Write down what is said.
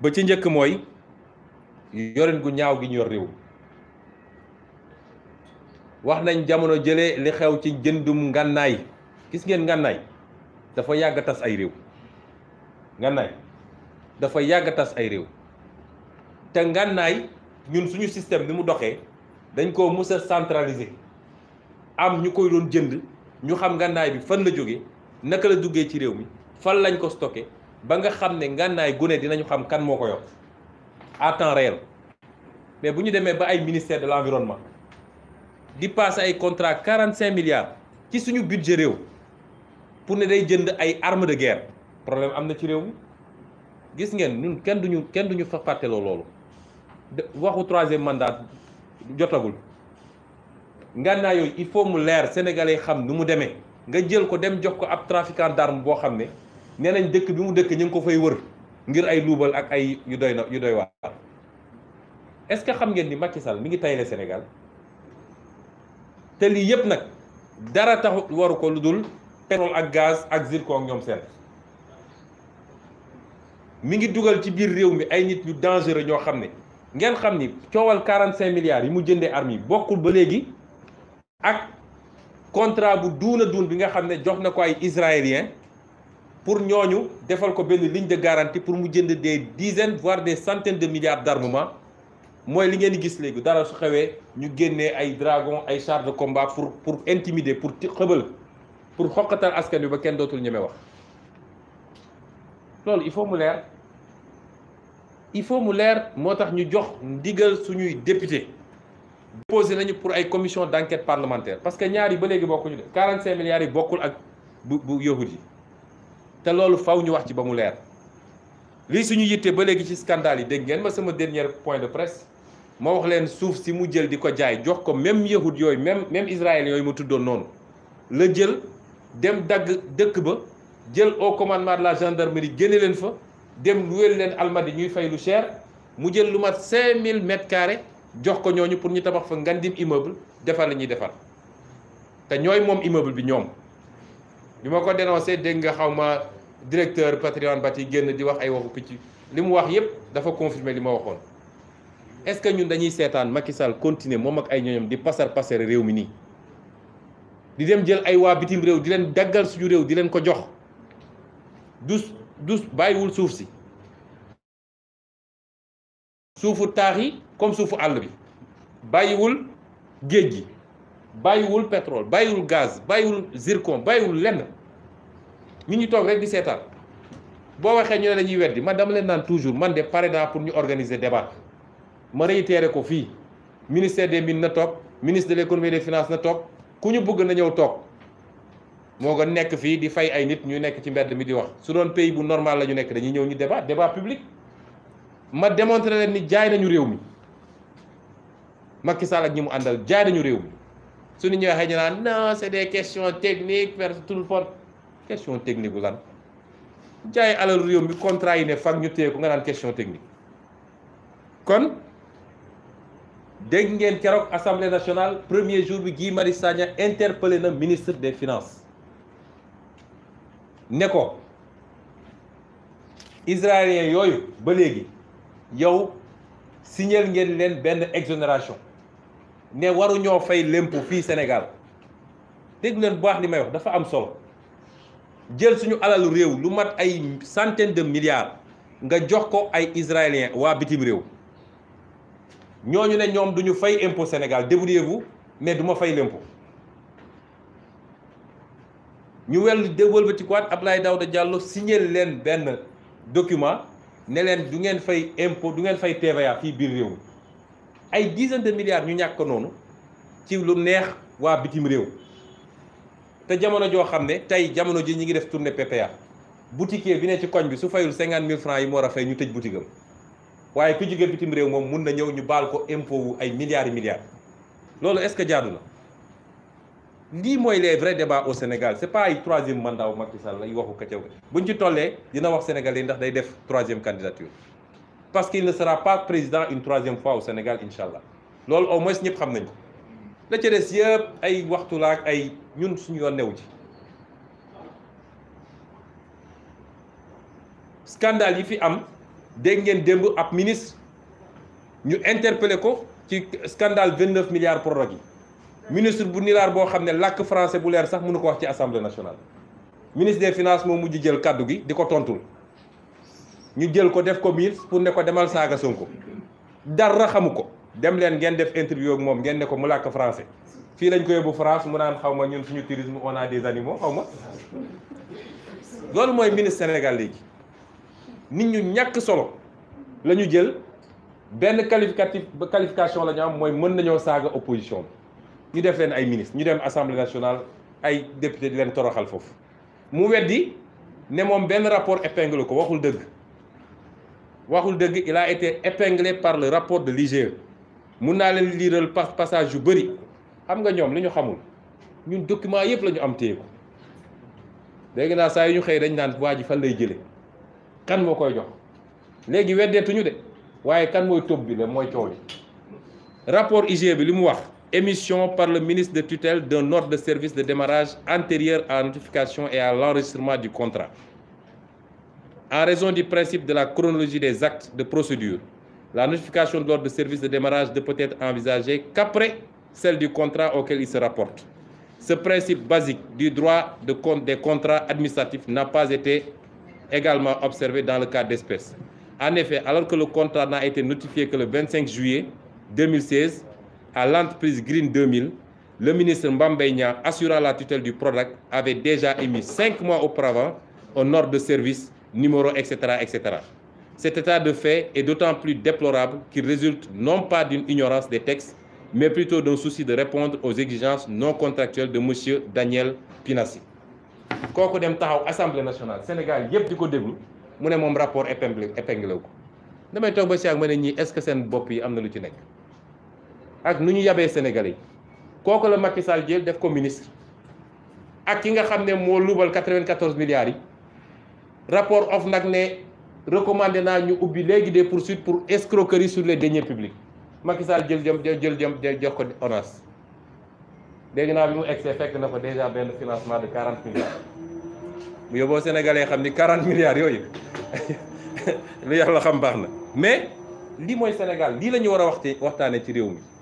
ba ci njëkk mooy yorin gu ñaaw gi ñu yor réew wax nañ jamono jële li xew ci jëndum ngànnaay gis ngeen ngànnaay dafa yàgg tas ay réew ngànnaay dafa yàgg tas ay réew te ngànnaay ñun suñu système ni mu doxee dañ koo mus a centraliser am ñu koy doon jënd ñu xam ngànnaay bi fan la jóge naka la duggee ci réew mi fan lañ ko stocké ba nga xam ne ngànnaay gune dinañu xam kan moo ko yor à temps réel mais bu ñu demee ba ay ministère de l'environnement di passé ay contrat quarante cinq milliards ci suñu budget réew pour ne day jënd ay armes de guerre problème am na ci réew gis ngeen ñun kenn duñu kenn duñu fa fàtteloo loolu waxu troisième mandat jotagul ngànnaa yooyu il faut mu leer sénégalais xam nu mu demee nga jël ko dem jox ko ab trafiquant d'armes boo xam ne nee nañ dëkk bi mu dëkk ñu ngi ko fay wër ngir ay luubal ak ay yu doy na yu doy waar est-ce que xam ngeen ni Macky Sall mi ngi tayle Sénégal te lii yëpp nag dara taxut waru ko lu dul pétrole ak gaz ak zircon ñoom seen mi ngi dugal ci biir réew mi ay nit ñu dangereux ñoo xam ne ngeen xam ni coowal 45 milliards yi mu jëndee armes bokkul ba léegi ak contrat bu duuna duun bi nga xam ne jox na ko ay israélien pour ñoo ñu defal ko benn ligne de garantie pour mu jënd des dizaines voire des centaines de milliards d'armement mooy li ngeen di gis léegi dara su xewee ñu génnee ay dragon ay chars de combat pour pour intimider pour xëbal pour xoqatal askan wi ba kenn dootul ñeme wax loolu il faut mu leer il faut mu leer moo tax ñu jox ndigal suñuy député déposé nañu pour ay commission d'enquête parlementaire parce que ñaar yi ba léegi bokkuñu de 45 milliards yi bokkul ak bu bu yahut yi te loolu faw ñu wax ci ba mu leer lii suñu yittee ba léegi ci scandale yi dégg ngeen ma sama dernier point de presse ma wax leen suuf si mu jël di ko jaay jox ko même yahud yooyu même même israël yooyu mu tuddoon noonu la jël dem dagg dëkk ba jël au commandement de la gendarmerie génne leen fa dem luwel leen almadi ñuy fay lu cher mu jël lu mat 5000 mètres carrés jox ko ñooñu pour ñu tabax fa ngandim immeuble defar la ñuy defar te ñooy moom immeuble bi ñoom bi ma ko directeur patrimoine bâti génn di wax ay waxu picc li mu wax yépp dafa confirmer li ma waxoon est-ce que ñun dañuy seetaan Macky Sall continuer moom ak ay ñooñam di pasar pasar réew mi nii di dem jël ay waa bitim réew di leen daggal suñu réew di leen ko jox dus dus bàyyiwul suuf si suufu taax yi comme suufu àll bi bàyyiwul géej gi bàyyiwul pétrole bàyyiwul gaz bàyyiwul zircon bàyyiwul lenn ñu ñu toog rek di seetal boo waxee ñu ne dañuy weddi man dama leen naan toujours man de pare naa pour ñu organiser débat ma teere ko fii ministère des mines na toog ministre de l'économie et des na toog ku ñu bëgg na ñëw toog moo gën nekk fii di fay ay nit ñu nekk ci mbedd mi di wax su doon pays bu normal la ñu nekk dañuy ñëw ñu débat débat public ma démontré leen ni jaay nañu réew mi Macky Sall ak ñi mu àndal jaay nañu réew mi su ñu ñëwee xëy na non c'est des questions techniques vers le monde. question technique bu lan jaay alal réew mi contrat yi ne fag ñu téye ko nga naan question technique kon dégg ngeen keroog assemblée nationale premier jour bi Guy Marius Sagna interpellé na ministre des finance ne ko israélien yooyu ba léegi yow signal ngeen leen benn exonération ne waruñoo fay lémpo fii Sénégal dégg bu baax li may wax dafa am solo jël suñu alalu réew lu mat ay centaine de milliards nga jox ko ay israéliens waa bitim réew ñooñu ne ñoom duñu fay impôt Sénégal débrouillez-vous mais du ma fay l'impôt ñu wel de wëlbatikuwaat Abdoulaye Daouda Diallo signé leen benn document ne leen du ngeen fay impôt du ngeen fay TVA fii biir réew mi ay dizaine de milliards ñu ñàkk noonu ci lu neex waa bitim réew te jamono joo xam ne tey jamono ji ñu ngi def tournée PPA boutiquier bi ne ci koñ bi su fayul cinquante mille francs yi mu war a fay ñu tëj boutique am waaye ku jóge bitim réew moom mun na ñëw ñu baal ko impôt wu ay milliards milliards loolu est-ce que jaadu na lii mooy les vrais débats au Sénégal c'est pas ay troisième mandat wu Macky Sall ay waxu kacaw buñ ci tollee dina wax Sénégalais ndax day def troisième candidature parce qu'il ne sera pas président une troisième Sénégal incha allah loolu au moins ñëpp xam nañ ko la ca des yëpp ay waxtu laa ak ay ñun suñu yoon new ji scandale yi fi am dégg ngeen démb ab ministre ñu interpellé ko ci scandale vingt neuf milliards prorog yi ministre bu nilaar boo xam ne làkk français bu leer sax mënu ko wax ci assemblée nationale ministre des finances moo mujj jël kàddu gi di ko tontul ñu jël ko def ko miir pour ne ko demal saaga Sonko dara xamu ko dem leen ngeen def interview ak moom ngeen ne ko mu làkk français fii lañ ko yóbbu France mu naan xaw ma ñun suñu tourisme on a des animaux xaw ma loolu mooy ministre Sénégal léegi nit ñu ñàkk solo la ñu jël benn qualificatif ba qualification la ñu am mooy mën nañoo saaga opposition bi ñu def leen ay ministre ñu dem assemblée nationale ay député di leen toroxal foofu mu weddi ne moom benn rapport épinglé ko waxul dëgg waxul dëgg il a été épinglé par le rapport de l'IGE mun naa leen liiral pa passage yu bëri xam nga ñoom lu ñu xamul ñun document yëpp la ñu am téye ko léegi naa saa yu ñu xëy dañ naan waa ji fan lay jële kan moo koy jox léegi weddeetuñu de waaye kan mooy tóob bi la mooy coow li rapport IG bi li mu wax émission par le ministre de tutelle d'un ordre de service de démarrage antérieur à la notification et à l'enregistrement du contrat en raison du principe de la chronologie des actes de procédure La notification de l'ordre de service de démarrage ne peut être envisagée qu'après celle du contrat auquel il se rapporte. Ce principe basique du de compte des contrats administratifs n'a pas été également observé dans le cas d'espèces. En effet, alors que le contrat n'a été notifié que le 25 juillet 2016 à l'entreprise Green 2000, le ministre Mbambegna, assurant la tutelle du PRODAC, avait déjà émis cinq mois auparavant un ordre de service, numéro, etc., etc. Cet état de fait est d'autant plus déplorable qu'il résulte non pas d'une ignorance des textes, mais plutôt d'un souci de répondre aux exigences non contractuelles de monsieur Daniel Pinassi kooku dem taxaw assemblée nationale Sénégal yëpp di ko déglu mu ne moom rapport épinglé épinglé wu ko damay toog ba si ak ma ne ñii est-ce que seen bopp yi am na lu ci nekk ak nu ñu yabee sénégal yi kooku la Macky Sall jël def ko ministre ak ki nga xam ne moo luubal 94 milliards yi rapport recommandé naa ñu ubbi léegi des poursuites pour escroquerie sur les deniers publics Macky Sall jël jëm jël jëm jox ko ONAS dégg naa bi mu egsee fekk na ko déjà benn financement de 40 milliards bu yóbboo sénégalais xam ni quarante milliards yooyu lu yàlla xam baax na mais lii mooy Sénégal lii la ñu war a waxte waxtaanee ci réew mi.